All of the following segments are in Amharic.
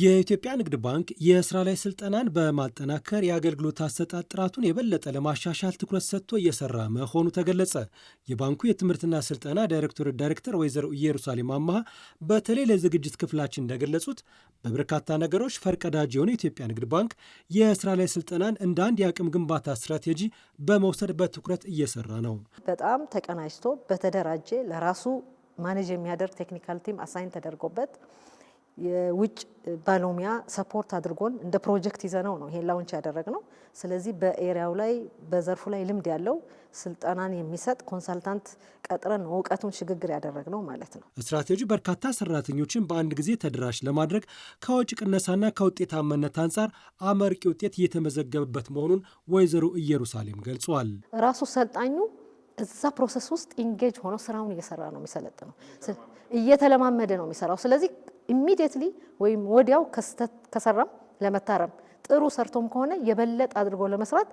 የኢትዮጵያ ንግድ ባንክ የስራ ላይ ስልጠናን በማጠናከር የአገልግሎት አሰጣጥ ጥራቱን የበለጠ ለማሻሻል ትኩረት ሰጥቶ እየሰራ መሆኑ ተገለጸ። የባንኩ የትምህርትና ስልጠና ዳይሬክቶሬት ዳይሬክተር ወይዘሮ ኢየሩሳሌም አማሃ በተለይ ለዝግጅት ክፍላችን እንደገለጹት በበርካታ ነገሮች ፈርቀዳጅ የሆነ የኢትዮጵያ ንግድ ባንክ የስራ ላይ ስልጠናን እንደ አንድ የአቅም ግንባታ ስትራቴጂ በመውሰድ በትኩረት እየሰራ ነው። በጣም ተቀናጅቶ በተደራጀ ለራሱ ማኔጅ የሚያደርግ ቴክኒካል ቲም አሳይን ተደርጎበት የውጭ ባለሙያ ሰፖርት አድርጎን እንደ ፕሮጀክት ይዘነው ነው ይሄን ላውንች ነው። ስለዚህ በኤሪያው ላይ በዘርፉ ላይ ልምድ ያለው ስልጠናን የሚሰጥ ኮንሳልታንት ቀጥረን እውቀቱን ሽግግር ነው ማለት ነው። ስትራቴጂ በርካታ ሰራተኞችን በአንድ ጊዜ ተደራሽ ለማድረግ ከወጪ ቅነሳና ከውጤታማነት አንጻር አመርቂ ውጤት እየተመዘገበበት መሆኑን ወይዘሮ ኢየሩሳሌም ገልጿል። ራሱ ሰልጣኙ እዛ ፕሮሰስ ውስጥ ኢንጌጅ ሆኖ ስራውን እየሰራ ነው የሚሰለጥ ነው እየተለማመደ ነው የሚሰራው። ስለዚህ ኢሚዲየትሊ ወይም ወዲያው ከስተት ከሰራም ለመታረም ጥሩ ሰርቶም ከሆነ የበለጠ አድርጎ ለመስራት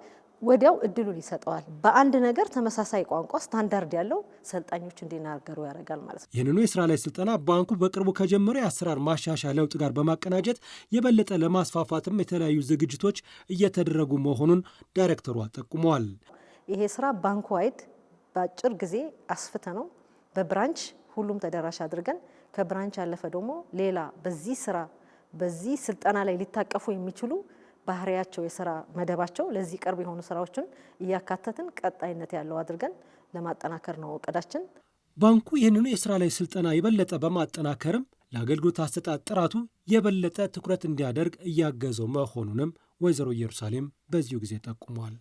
ወዲያው እድሉን ይሰጠዋል። በአንድ ነገር ተመሳሳይ ቋንቋ ስታንዳርድ ያለው ሰልጣኞች እንዲናገሩ ያደርጋል ማለት ነው። ይህንኑ የስራ ላይ ስልጠና ባንኩ በቅርቡ ከጀመረ የአሰራር ማሻሻያ ለውጥ ጋር በማቀናጀት የበለጠ ለማስፋፋትም የተለያዩ ዝግጅቶች እየተደረጉ መሆኑን ዳይሬክተሯ ጠቁመዋል። ይሄ ስራ ባንኩ ዋይድ በአጭር ጊዜ አስፍተ ነው በብራንች ሁሉም ተደራሽ አድርገን ከብራንች ያለፈ ደግሞ ሌላ በዚህ ስራ በዚህ ስልጠና ላይ ሊታቀፉ የሚችሉ ባህሪያቸው የስራ መደባቸው ለዚህ ቅርብ የሆኑ ስራዎችን እያካተትን ቀጣይነት ያለው አድርገን ለማጠናከር ነው እቅዳችን። ባንኩ ይህንኑ የስራ ላይ ስልጠና የበለጠ በማጠናከርም ለአገልግሎት አሰጣጥ ጥራቱ የበለጠ ትኩረት እንዲያደርግ እያገዘው መሆኑንም ወይዘሮ ኢየሩሳሌም በዚሁ ጊዜ ጠቁሟል።